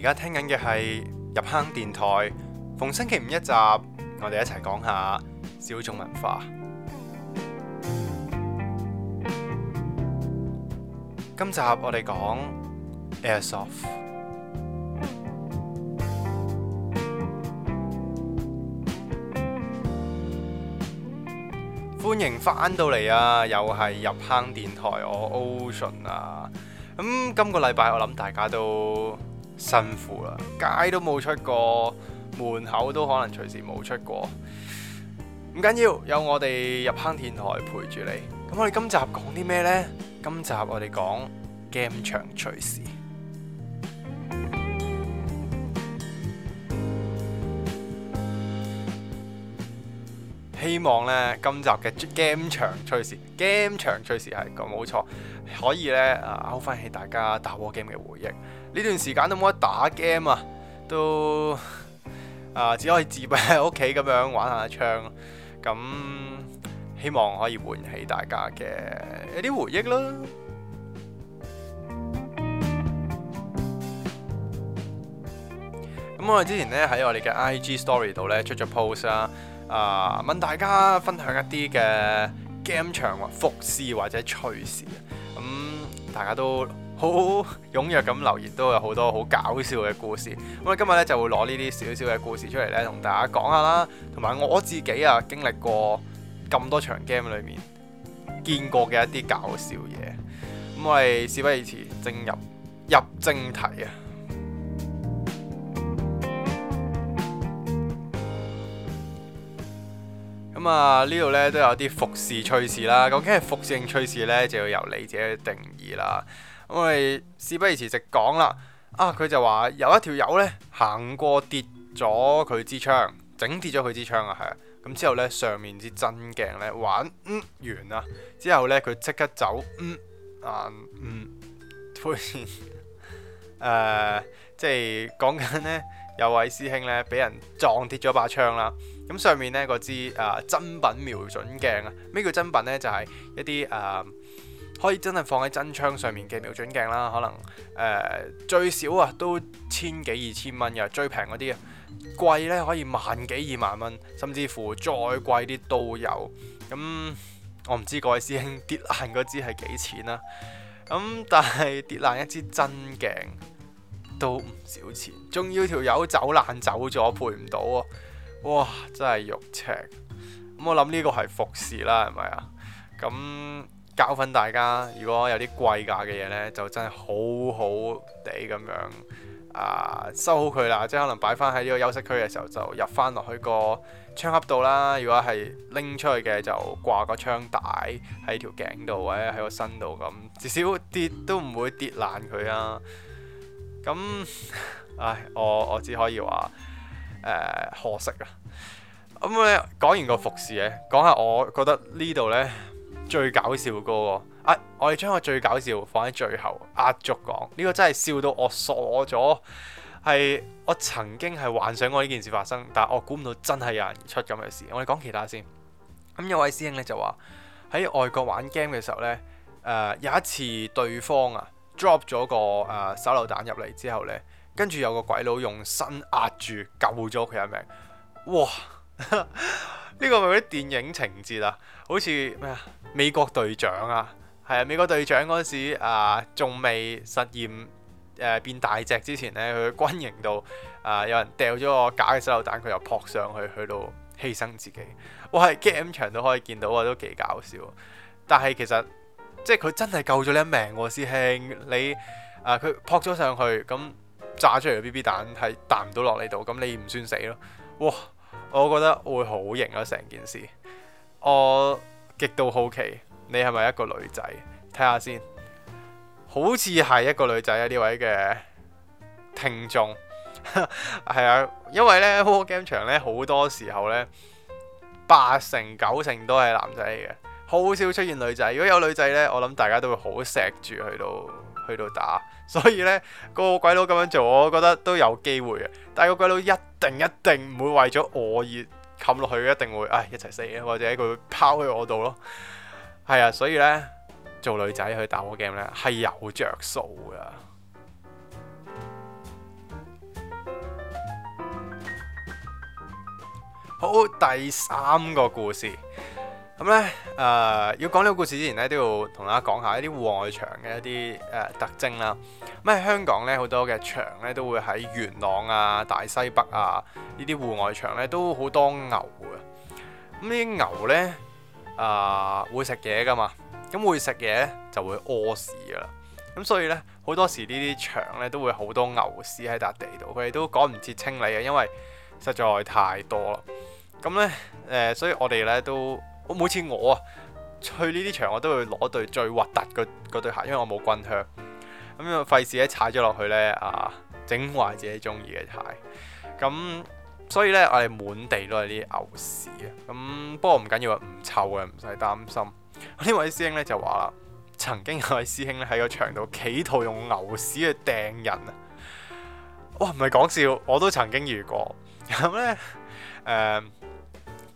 而家聽緊嘅係入坑電台逢星期五一集，我哋一齊講下小眾文化。 今集我哋講 Airsoft， 歡迎翻到嚟啊！又係入坑電台，我、oh, Ocean 啊。咁、嗯、今個禮拜我諗大家都～辛苦啦，街都冇出過，門口都可能隨時冇出過。唔緊要，有我哋入坑電台陪住你。咁我哋今集講啲咩呢？今集我哋講 Game 場趣事。 希望呢今集嘅 Game 場趣事，Game 場趣事係講冇錯，錯可以呢啊勾翻起大家打 War Game 嘅回憶。呢段時間都冇得打 game 啊，都啊、呃、只可以自閉喺屋企咁樣玩下槍，咁、嗯、希望可以喚起大家嘅一啲回憶囉。咁、 嗯、我哋之前呢，喺我哋嘅 IG story 度呢出咗 post 啦、啊，啊問大家分享一啲嘅 game 場或伏事或者趣事，咁、嗯、大家都，好踴躍咁留言，都有好多好搞笑嘅故事。咁啊，今日咧就會攞呢啲少少嘅故事出嚟咧，同大家講下啦。同埋我自己啊，經歷過咁多場 game 裡面見過嘅一啲搞笑嘢。咁啊，事不宜遲正，進入入正題啊。咁啊，呢度咧都有啲伏事趣事啦。究竟係伏事定趣事咧，就要由你自己去定義啦。我哋事不宜遲，直講啦。啊，佢就話有一條友呢，行過跌咗佢支槍，整跌咗佢支槍啊，係啊。咁之後呢，上面支真鏡呢玩，嗯、完啦。之後呢，佢即刻走。嗯啊嗯，誒、嗯，即、嗯、係、嗯嗯嗯嗯、呃就是、講緊呢，有位師兄呢，俾人撞跌咗把槍啦。咁上面呢，嗰支啊、呃、真品瞄準鏡啊，咩叫真品呢？就係、是、一啲誒。呃可以真係放喺真槍上面嘅瞄準鏡啦，可能誒、呃、最少啊都千幾二千蚊嘅，最平嗰啲啊，貴呢可以萬幾二萬蚊，甚至乎再貴啲都有。咁、嗯、我唔知各位師兄跌爛嗰支係幾錢啦、啊。咁、嗯、但係跌爛一支真鏡都唔少錢，仲要條友走爛走咗，賠唔到啊！哇！真係肉赤。咁、嗯、我諗呢個係伏事啦，係咪啊？咁、嗯。教訓大家，如果有啲貴價嘅嘢呢，就真係好好地咁樣啊、呃，收好佢啦。即係可能擺翻喺呢個休息區嘅時候，就入翻落去個槍盒度啦。如果係拎出去嘅，就掛個槍帶喺條頸度或者喺個身度咁。至少跌都唔會跌爛佢啊。咁唉，我我只可以話、呃、可惜啊。咁咧講完個服飾咧，講下我覺得呢度呢。最搞笑嗰個啊！我哋將個最搞笑放喺最後壓軸講，呢個真係笑到我傻咗。係我曾經係幻想過呢件事發生，但係我估唔到真係有人出咁嘅事。我哋講其他先。咁、嗯、有位師兄呢，就話喺外國玩 game 嘅時候呢，誒、呃、有一次對方啊 drop 咗個誒、呃、手榴彈入嚟之後呢，跟住有個鬼佬用身壓住救咗佢一命。哇！ 呢個咪啲電影情節啊，好似咩啊？美國隊長啊，係啊！美國隊長嗰陣時啊，仲、呃、未實現實驗誒、呃、變大隻之前呢，佢軍營度啊、呃，有人掉咗個假嘅手榴彈，佢又撲上去去到犧牲自己。哇！game 場都可以見到啊，都幾搞笑。但係其實即係佢真係救咗你一命喎、啊，師兄你啊，佢、呃、撲咗上去咁炸出嚟嘅 BB 彈係彈唔到落你度，咁你唔算死咯。哇！我覺得會好型啊！成件事，我極度好奇你係咪一個女仔？睇下先，好似係一個女仔啊！呢位嘅聽眾，係 啊，因為呢，War Game 場呢，好多時候呢，八成九成都係男仔嚟嘅，好少出現女仔。如果有女仔呢，我諗大家都會好錫住佢度。去到打，所以呢個鬼佬咁樣做，我覺得都有機會嘅。但係個鬼佬一定一定唔會為咗我而冚落去，一定會唉一齊死，或者佢會拋去我度咯。係啊，所以呢，做女仔去打 War game 呢，係有着數㗎。好，第三個故事。咁咧，誒、呃、要講呢個故事之前呢，都要同大家講一下一啲戶外場嘅一啲誒、呃、特徵啦。咁喺香港呢，好多嘅場呢都會喺元朗啊、大西北啊呢啲戶外場呢都好多牛嘅。咁呢啲牛呢，啊、呃、會食嘢噶嘛，咁會食嘢呢就會屙屎噶啦。咁所以呢，好多時牆呢啲場呢都會好多牛屎喺笪地度，佢哋都趕唔切清理嘅，因為實在太多啦。咁呢，誒、呃、所以我哋呢都。我每次我啊去呢啲場，我都會攞對最核突嘅嗰對鞋，因為我冇軍靴，咁又費事咧踩咗落去咧啊，整壞自己中意嘅鞋。咁所以咧，我哋滿地都係啲牛屎啊！咁不過唔緊要啊，唔臭嘅，唔使擔心。呢位師兄咧就話啦，曾經有位師兄咧喺個場度企圖用牛屎去掟人啊！哇，唔係講笑，我都曾經遇過。咁咧誒。嗯，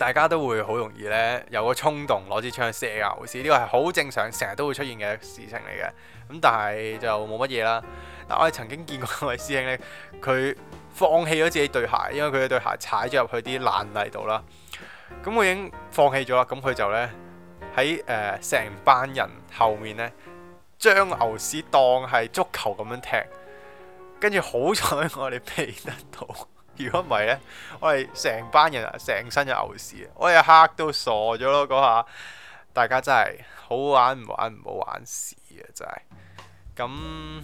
大家都會好容易呢，有個衝動攞支槍射牛屎，呢個係好正常，成日都會出現嘅事情嚟嘅。咁但係就冇乜嘢啦。但我哋曾經見過一位師兄呢，佢放棄咗自己對鞋，因為佢對鞋踩咗入去啲爛泥度啦。咁佢已經放棄咗啦，咁佢就呢，喺誒成班人後面呢，將牛屎當係足球咁樣踢，跟住好彩我哋避得到。如果唔係呢，我哋成班人啊，成身有牛屎，我哋吓都傻咗咯。嗰下大家真係好玩唔玩唔好玩屎啊，真係。咁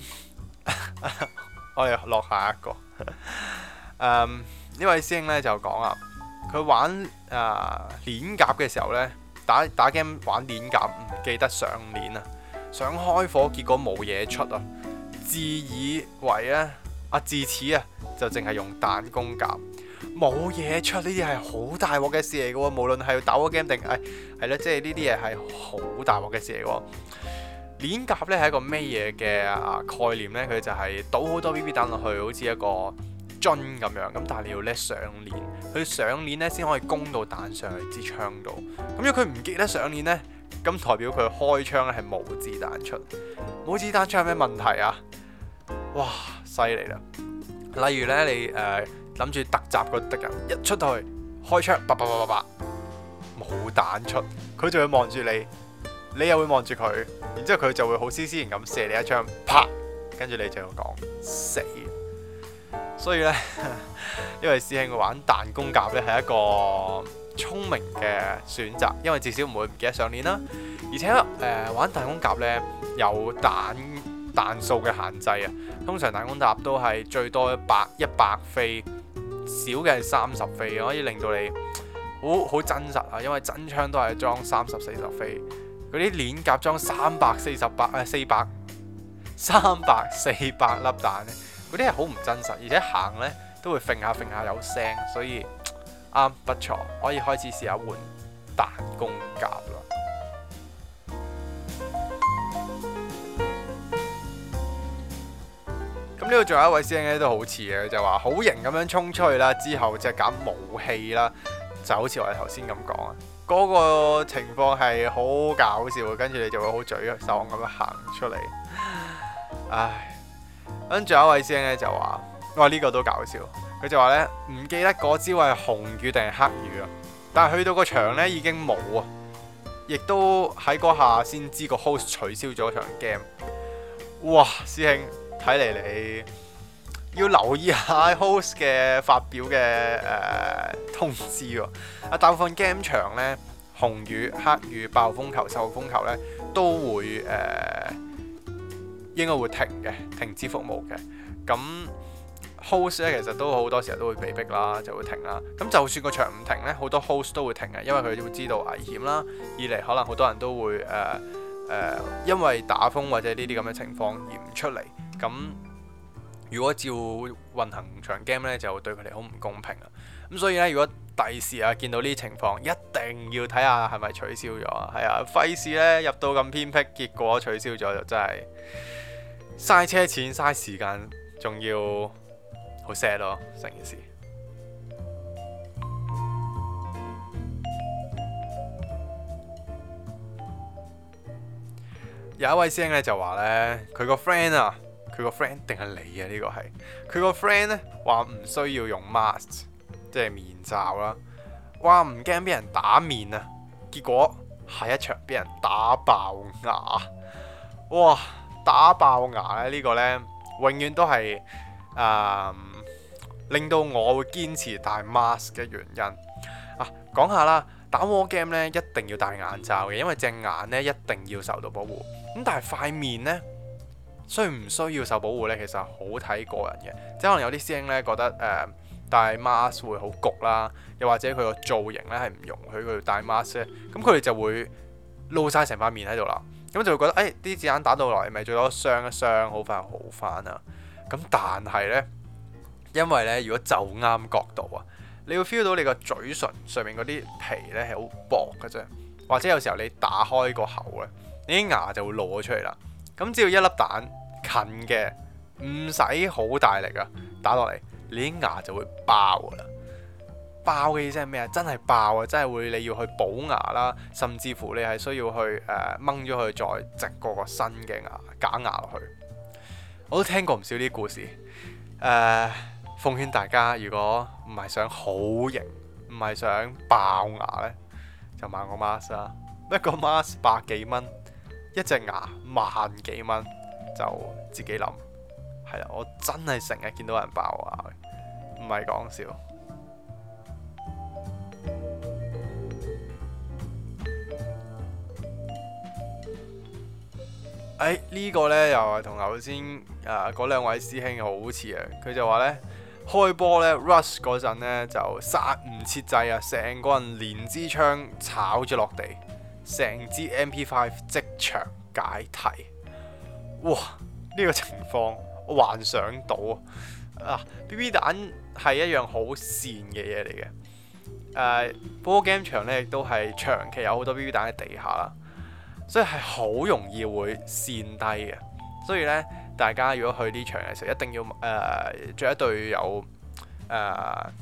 我哋落下一個，呢、 um, 位師兄呢，就講啊，佢玩啊、呃、鏈甲嘅時候呢，打打 game 玩鏈甲唔記得上鏈啊，想開火，結果冇嘢出啊，自以為咧啊自此啊。就淨係用彈弓夾，冇嘢出，呢啲係好大鑊嘅事嚟嘅喎，無論係要打個 game 定係係咯，即係呢啲嘢係好大鑊嘅事嚟嘅喎。鏈夾呢係一個咩嘢嘅概念呢？佢就係倒好多 BB 彈落去，好似一個樽咁樣咁，但係你要叻上鏈，佢上鏈呢先可以攻到彈上去支槍度。咁如果佢唔記得上鏈呢，咁代表佢開槍係冇子彈出，冇子彈出，有咩問題啊？哇，犀利啦！例如咧，你誒諗住突襲個敵人，一出去開槍，叭叭叭叭叭，冇彈出，佢就會望住你，你又會望住佢，然之後佢就會好斯斯然咁射你一槍，啪，跟住你就要講死。所以咧， 因為師兄玩彈弓甲咧係一個聰明嘅選擇，因為至少唔會唔記得上鍊啦。而且咧，呃，玩彈弓甲咧有彈。彈數嘅限制啊，通常彈弓夾都係最多一百一百飛，少嘅係三十飛，可以令到你好好真實啊，因為真槍都係裝三十四十飛，嗰啲鏈夾裝三百四十八啊四百三百四百粒彈呢，嗰啲係好唔真實，而且行呢都會揈下揈下有聲，所以啱、嗯、不錯，可以開始試下換彈弓夾啦。呢度仲有一位師兄咧，都好似嘅，就話好型咁樣衝出去啦，之後就係揀武器啦，就好似我哋頭先咁講啊。嗰個情況係好搞笑，跟住你就會好沮喪咁樣行出嚟。唉，跟住仲有一位師兄咧就話：哇，呢個都搞笑。佢就話咧，唔記得嗰朝係紅雨定係黑雨啊。但係去到個場咧已經冇啊，亦都喺嗰下先知個 host 取消咗場 game。哇，師兄！睇嚟，你要留意下 host 嘅發表嘅誒通知喎。啊，大部分 game 場呢，紅雨、黑雨、暴風球、受風球呢，都會誒、呃、應該會停嘅，停止服務嘅。咁 host 呢，其實都好多時候都會被逼啦，就會停啦。咁就算個場唔停呢，好多 host 都會停嘅，因為佢都會知道危險啦。二嚟可能好多人都會誒誒、呃呃，因為打風或者呢啲咁嘅情況而唔出嚟。咁如果照運行場 game 咧，就對佢哋好唔公平啦。咁所以咧，如果第時啊見到呢啲情況，一定要睇下係咪取消咗啊。係啊，費事咧入到咁偏僻，結果取消咗就真係嘥車錢嘥時間，仲要好 sad 咯。成件事 有一位師兄咧就話咧，佢個 friend 啊。佢個 friend 定係你啊？呢個係佢個 friend 呢？話唔需要用 mask，即係面罩啦。哇，唔驚俾人打面啊！結果下一場俾人打爆牙。哇，打爆牙咧呢、呢個呢，永遠都係誒、嗯、令到我會堅持戴 mask 嘅原因啊。講下啦，打 war game 呢一定要戴眼罩嘅，因為隻眼呢一定要受到保護。咁但係塊面呢？需唔需要受保護呢，其實好睇個人嘅，即係可能有啲師兄呢覺得誒、呃、戴 mask 會好焗啦，又或者佢個造型呢係唔容許佢戴 mask 咧，咁佢哋就會露晒成塊面喺度啦，咁就會覺得誒啲子彈打到落嚟咪最多傷一傷，好快好翻啊！咁但係呢，因為呢，如果就啱角度啊，你會 feel 到你個嘴唇上面嗰啲皮呢係好薄㗎啫，或者有時候你打開個口呢，你啲牙就會露咗出嚟啦，咁只要一粒蛋，近嘅唔使好大力啊，打落嚟你啲牙就會爆噶啦！爆嘅意思係咩啊？真係爆啊！真係會，你要去補牙啦，甚至乎你係需要去誒掹咗佢再植過個新嘅牙、假牙落去。我都聽過唔少啲故事誒、呃，奉勸大家如果唔係想好型，唔係想爆牙呢，就買個 mask 啦。一個 mask 百幾蚊，一隻牙萬幾蚊。就自己諗，係啦！我真係成日見到人爆啊，唔係講笑。呢、哎呢個呢又係同頭先啊嗰兩位師兄好似啊，佢就話呢，開波呢 rush 嗰陣咧就殺唔切掣啊，成個人連支槍炒咗落地，成支 MP5 即場解體。哇！呢、這個情況我幻想到啊！B B 蛋係一樣好跣嘅嘢嚟嘅。誒 war game 場咧，亦都係長期有好多 B B 蛋喺地下啦，所以係好容易會跣低嘅。所以咧，大家如果去呢場嘅時候，一定要誒著、呃、一對有誒、呃、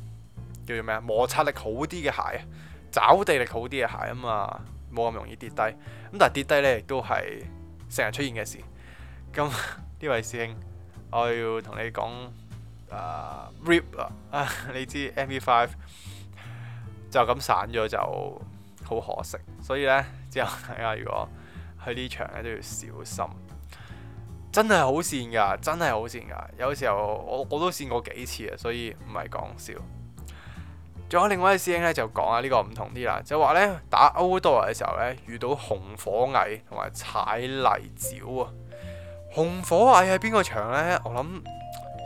叫做咩啊摩擦力好啲嘅鞋，抓地力好啲嘅鞋啊嘛，冇咁容易跌低。咁但係跌低咧，亦都係成日出現嘅事。咁呢位師兄，我要同你講啊，Rip 啊，你知 M V Five 就咁散咗就好可惜。所以呢，之後大家如果喺呢場呢，都要小心，真係好跣㗎，真係好跣㗎。有時候我我都跣過幾次啊，所以唔係講笑。仲有另外一位師兄呢，就講下呢個唔同啲啦，就話呢，打歐多嘅時候呢，遇到紅火蟻同埋踩泥沼啊。紅火蟻係邊個場呢？我諗，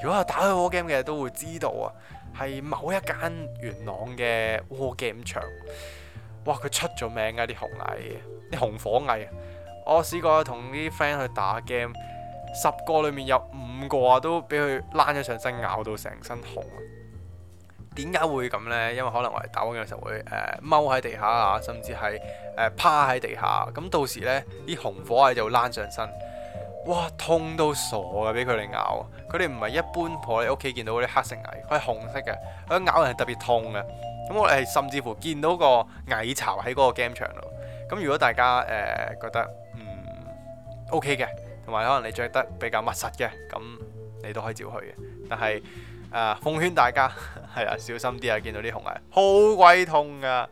如果有打開 War Game 嘅都會知道啊，係某一間元朗嘅 War Game 場。哇！佢出咗名㗎啲紅蟻，啲紅火蟻。我試過同啲 friend 去打 game，十個裡面有五個啊，都俾佢躝咗上身，咬到成身紅。點解會咁呢？因為可能我哋打 war game 嘅時候會踎喺、呃、地下啊，甚至係、呃、趴喺地下。咁到時呢，啲紅火蟻就會躝上身。哇，痛到傻㗎，俾佢哋咬。佢哋唔係一般婆喺屋企見到嗰啲黑色蟻，佢係紅色嘅，佢咬人係特別痛嘅。咁我哋甚至乎見到個蟻巢喺嗰個 game 場度。咁如果大家誒、呃、覺得嗯 OK 嘅，同埋可能你着得比較密實嘅，咁你都可以照去嘅。但係誒、呃、奉勸大家係啊， 小心啲啊，見到啲紅蟻，好鬼痛噶。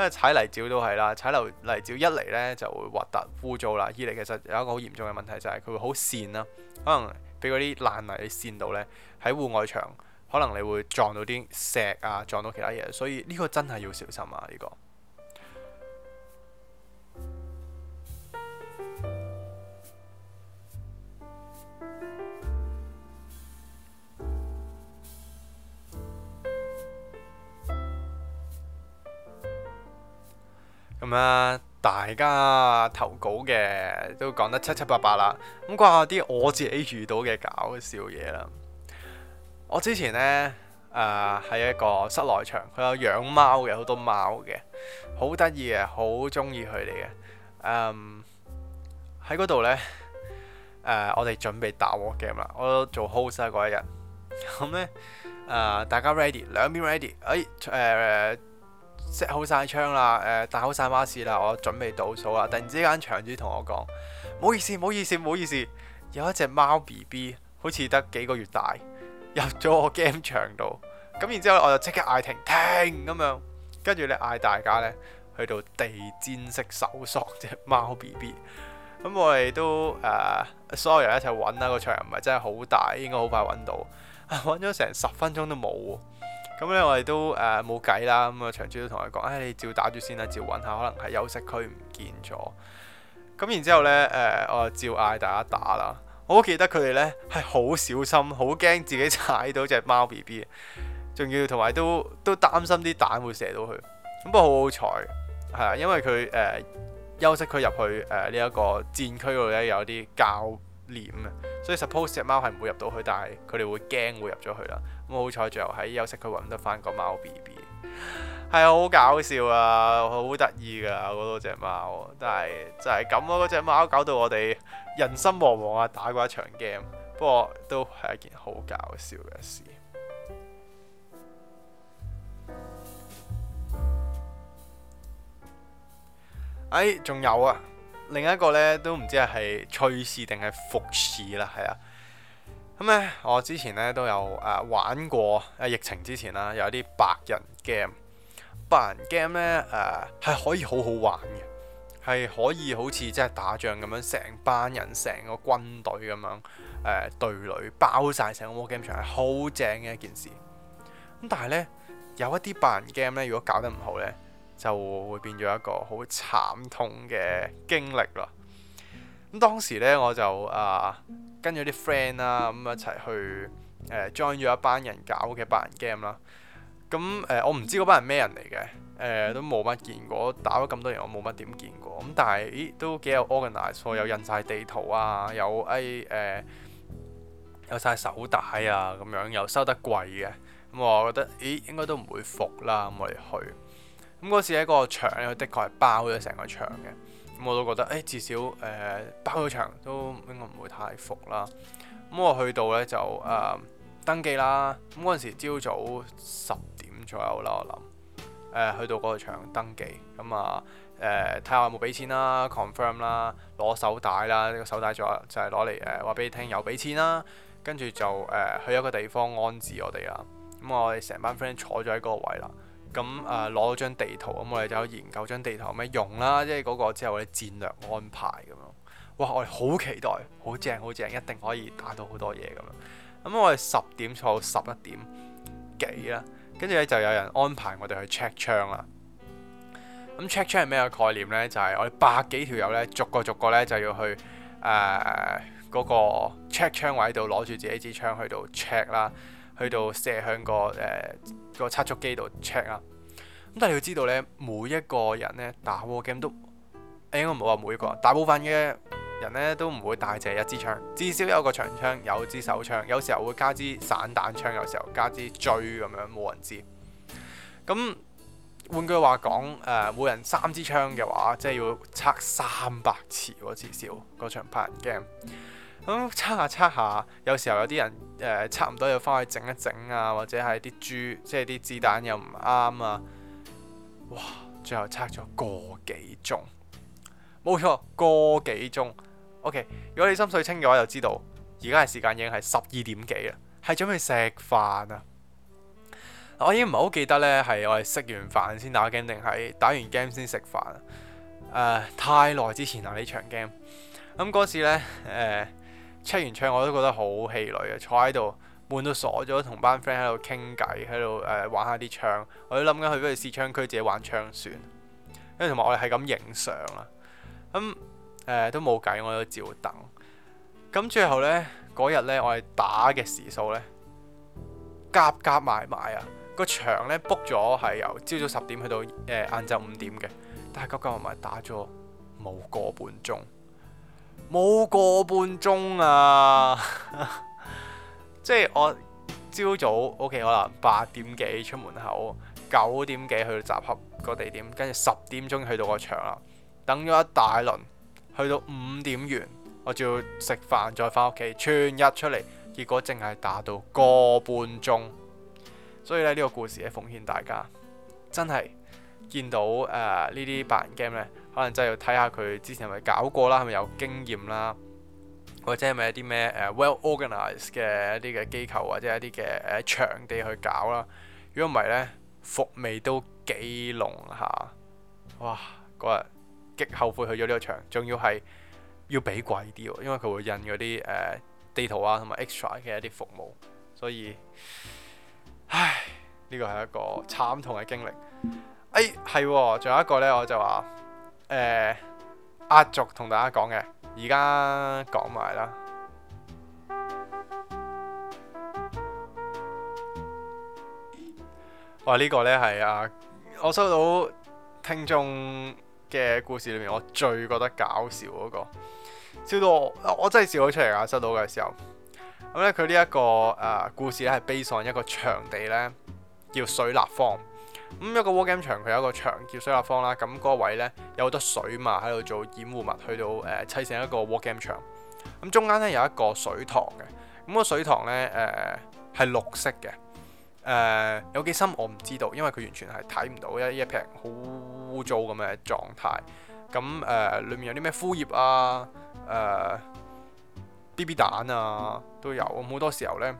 因為踩泥沼都係啦，踩泥泥沼一嚟呢就會核突污糟啦；二嚟其實有一個好嚴重嘅問題，就係佢會好跣啦，可能俾嗰啲爛泥跣到呢，喺戶外場可能你會撞到啲石啊，撞到其他嘢，所以呢個真係要小心啊！呢個。咁啊、嗯，大家投稿嘅都講得七七八八啦。咁講下啲我自己遇到嘅搞笑嘢啦。我之前呢，誒、呃、喺一個室內場，佢有養貓嘅，好多貓嘅，好得意嘅，好中意佢哋嘅。嗯，喺嗰度呢，誒、呃，我哋準備打 war game 啦。我做 host 嗰、啊、一日，咁、嗯、呢，誒、呃，大家 ready，兩邊 ready，誒、哎，誒、呃。呃 set 好晒槍啦，誒、呃、戴好晒 mask 啦，我準備倒數啊！突然之間，場主同我講：唔好意思，唔好意思，唔好意思，有一隻貓 BB，好似得幾個月大，入咗我 game 場度。咁然之後，我就即刻嗌停停咁樣，跟住咧嗌大家咧去到地氈式搜索隻貓 BB。咁我哋都誒所有人一齊揾啦，個場唔係真係好大，應該好快揾到。揾咗成十分鐘都冇。咁咧、嗯，我哋都誒冇計啦。咁、呃、啊、嗯，場主都同佢講，誒、哎，你照打住先啦，照揾下，可能係休息區唔見咗。咁、嗯、然之後呢，誒、呃，我就照嗌大家打啦。我好記得佢哋呢係好小心，好驚自己踩到隻貓 B B，仲要同埋都都擔心啲彈會射到佢。咁不過好好彩，係啊，因為佢誒、呃、休息區入去誒呢一個戰區嗰度呢，有啲膠簾啊，所以 suppose 隻貓係唔會入到去，但係佢哋會驚會入咗去啦。咁好彩，最後喺休息區揾得翻個貓 B B，係啊，好搞笑啊，好得意噶嗰隻貓，但係就係咁咯，嗰隻貓搞到我哋人心惶惶啊，打過一場 game，不過都係一件好搞笑嘅事。唉、哎，仲有啊，另一個呢都唔知係趣事定係伏事啦，係啊。咁咧，我之前咧都有誒、呃、玩過，疫情之前啦，有一啲白人 game，白人 game 咧誒係可以好好玩嘅，係可以好似即係打仗咁樣，成班人成個軍隊咁樣誒對壘，呃、隊包晒成個 war game 場，係好正嘅一件事。咁但係咧，有一啲白人 game 咧，如果搞得唔好咧，就會變咗一個好慘痛嘅經歷啦。咁當時呢，我就啊、呃、跟咗啲 friend 啦，咁一齊去 join 咗、呃、一班人搞嘅百人 game 啦。咁誒、呃，我唔知嗰班人咩人嚟嘅，誒、呃、都冇乜見過。打咗咁多人，我冇乜點見過。咁但係，咦都幾有 organize 有印晒地圖啊，有誒誒、哎呃、有曬手帶啊，咁樣又收得貴嘅。咁我覺得，咦應該都唔會服啦，咁哋去。咁嗰次喺個場佢的確係包咗成個場嘅。嗯、我都覺得，誒、欸、至少誒包咗場都應該唔會太伏啦。咁、嗯、我去到呢就誒、呃、登記啦。咁嗰陣時朝早十點左右啦，我諗、呃、去到嗰個場登記。咁啊誒睇下有冇俾錢啦，confirm 啦，攞手帶啦。呢個手帶就係就係攞嚟誒話俾你聽，有俾錢啦。跟住就誒、呃、去一個地方安置我哋啦。咁、嗯、我哋成班 friend 坐咗喺嗰個位啦。咁誒攞咗張地圖，咁我哋就研究張地圖有咩用啦，即係嗰個之後啲戰略安排咁樣。哇！我哋好期待，好正，好正，一定可以打到好多嘢咁樣。咁我哋十點到十一點幾啦，跟住咧就有人安排我哋去 check 槍啦。咁 check 槍係咩概念呢？就係、係、我哋百幾條友呢，逐個逐個呢，就要去誒嗰、呃嗰個 check 槍位度攞住自己支槍去到 check 啦，去到射向個誒。呃個測速機度 check 啊。咁但係要知道呢，每一個人呢打 war game 都應該唔好話每一個，大部分嘅人呢都唔會帶淨一支槍，至少有個長槍，有支手槍，有時候會加支散彈槍，有時候加支狙咁樣，冇人知。咁換句話講，誒、呃，每人三支槍嘅話，即係要測三百次喎，至少嗰場拍人 game。咁、嗯、測下測下，有時候有啲人誒、呃、測唔到，要翻去整一整啊，或者係啲豬，即係啲子彈又唔啱啊。哇！最後測咗個幾鐘，冇錯，個幾鐘。OK，如果你心水清嘅話，就知道而家嘅時間已經係十二點幾啦，係準備食飯啊。我已經唔係好記得呢，係我哋食完飯先打機定係打完 game 先食飯啊、呃？太耐之前啦呢場 game。咁嗰時呢，出完槍我都覺得好氣餒啊，坐喺度悶到傻咗，同班 friend 喺度傾偈，喺度誒玩下啲槍。我都諗緊去不如試槍區自己玩槍算，因為同埋我哋係咁影相啊。咁、嗯、誒、呃、都冇計，我都照等。咁、嗯、最後呢，嗰日呢，我哋打嘅時數呢，夾夾埋埋啊，個場呢 book 咗係由朝早十點去到誒晏晝五點嘅，但係夾夾埋埋打咗冇個半鐘。冇個半鐘啊。 即！即係我朝早 OK 我啦，八點幾出門口，九點幾去到集合個地點，跟住十點鐘去到個場啦，等咗一大輪，去到五點完，我仲要食飯再返屋企，全日出嚟，結果淨係打到個半鐘。所以咧，呢個故事咧，奉勸大家，真係見到誒呢啲扮 game 呢。可能真係要睇下佢之前係咪搞過啦，係咪有經驗啦，或者係咪一啲咩誒 well organized 嘅一啲嘅機構或者一啲嘅誒場地去搞啦？如果唔係呢，伏味都幾濃下，啊，哇！嗰日極後悔去咗呢個場，仲要係要俾貴啲喎，因為佢會印嗰啲誒地圖啊同埋 extra 嘅一啲服務，所以唉，呢個係一個慘痛嘅經歷。誒、哎、係，仲、哦、有一個呢，我就話。誒，壓軸同大家講嘅，而家講埋啦。話呢、這個呢係啊，我收到聽眾嘅故事裏面，我最覺得搞笑嗰、那個，笑到我，我真係笑咗出嚟啊！收到嘅時候，咁咧佢呢一個誒、啊、故事咧係 based on 一個場地呢，叫水立方。咁一個 war game 場，佢有一個牆叫水立方啦。咁嗰個位呢，有好多水嘛，喺度做掩護物，去到誒砌、呃、成一個 war game 場。咁中間呢，有一個水塘嘅。咁個水塘呢，誒、呃、係綠色嘅。誒、呃、有幾深我唔知道，因為佢完全係睇唔到一一片好污糟咁嘅狀態。咁誒、呃、裡面有啲咩枯葉啊、誒、呃、BB 蛋啊都有。咁好多時候呢，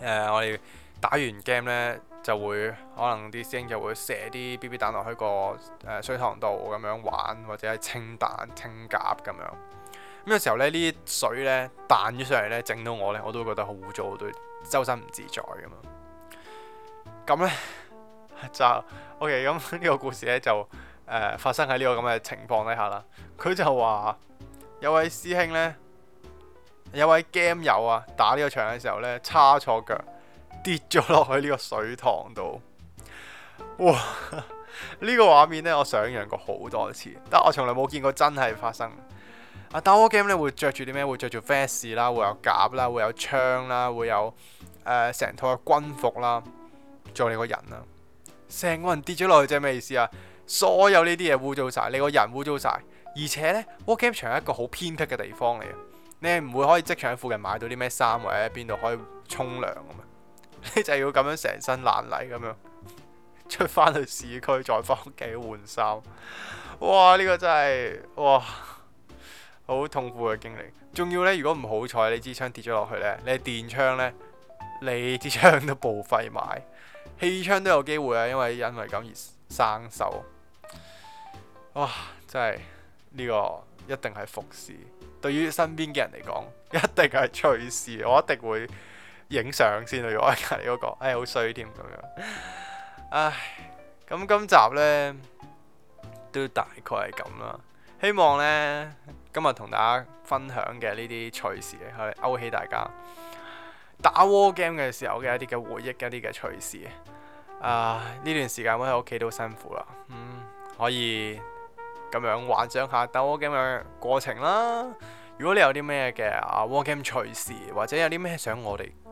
誒、呃、我哋打完 game 呢。就會可能啲師兄就會射啲 BB 彈落去個誒、呃、水塘度咁樣玩，或者係清彈清甲咁樣。咁有時候咧，呢啲水咧彈咗上嚟咧，整到我咧，我都會覺得好污糟，都周身唔自在咁樣。咁咧就 OK，咁呢個故事咧就誒、呃、發生喺呢個咁嘅情況底下啦。佢就話有位師兄咧，有位 game 友啊，打呢個場嘅時候咧，叉錯腳。跌咗落去呢個水塘度，哇！呢、這個畫面呢，我想像過好多次，但我從來冇見過真係發生。啊，打 war game 咧會着住啲咩？會着住 vest 啦，會，ress, 會有夾啦，會有槍啦，會有誒成、呃、套嘅軍服啦，做你人個人啊，成個人跌咗落去即啫，咩意思啊？所有呢啲嘢污糟晒，你個人污糟晒，而且呢，war game 場係一個好偏僻嘅地方嚟嘅，你唔會可以即場喺附近買到啲咩衫，或者喺邊度可以沖涼咁啊？ 你就要咁樣成身爛泥咁樣出翻去市區再翻屋企換衫，哇！呢個真係哇，好痛苦嘅經歷。仲要呢，如果唔好彩，你支槍跌咗落去呢，你電槍呢，你支槍都報廢埋，氣槍都有機會啊，因為因為咁而生鏽。哇！真係呢、這個一定係伏事，對於身邊嘅人嚟講，一定係趣事。我一定會。影相先啊！我係隔離嗰個，哎，好衰添咁樣。唉，咁今集呢都大概係咁啦。希望呢今日同大家分享嘅呢啲趣事去勾起大家打 War Game 嘅時候嘅一啲嘅回憶，一啲嘅趣事啊。呢段時間我喺屋企都辛苦啦。嗯，可以咁樣幻想下打 War Game 嘅過程啦。如果你有啲咩嘅啊 War Game 趣事，或者有啲咩想我哋～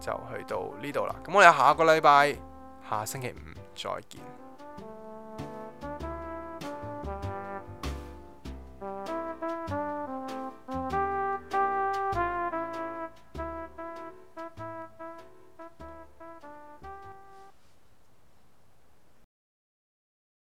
就去到呢度啦，咁我哋下個禮拜，下星期五再見。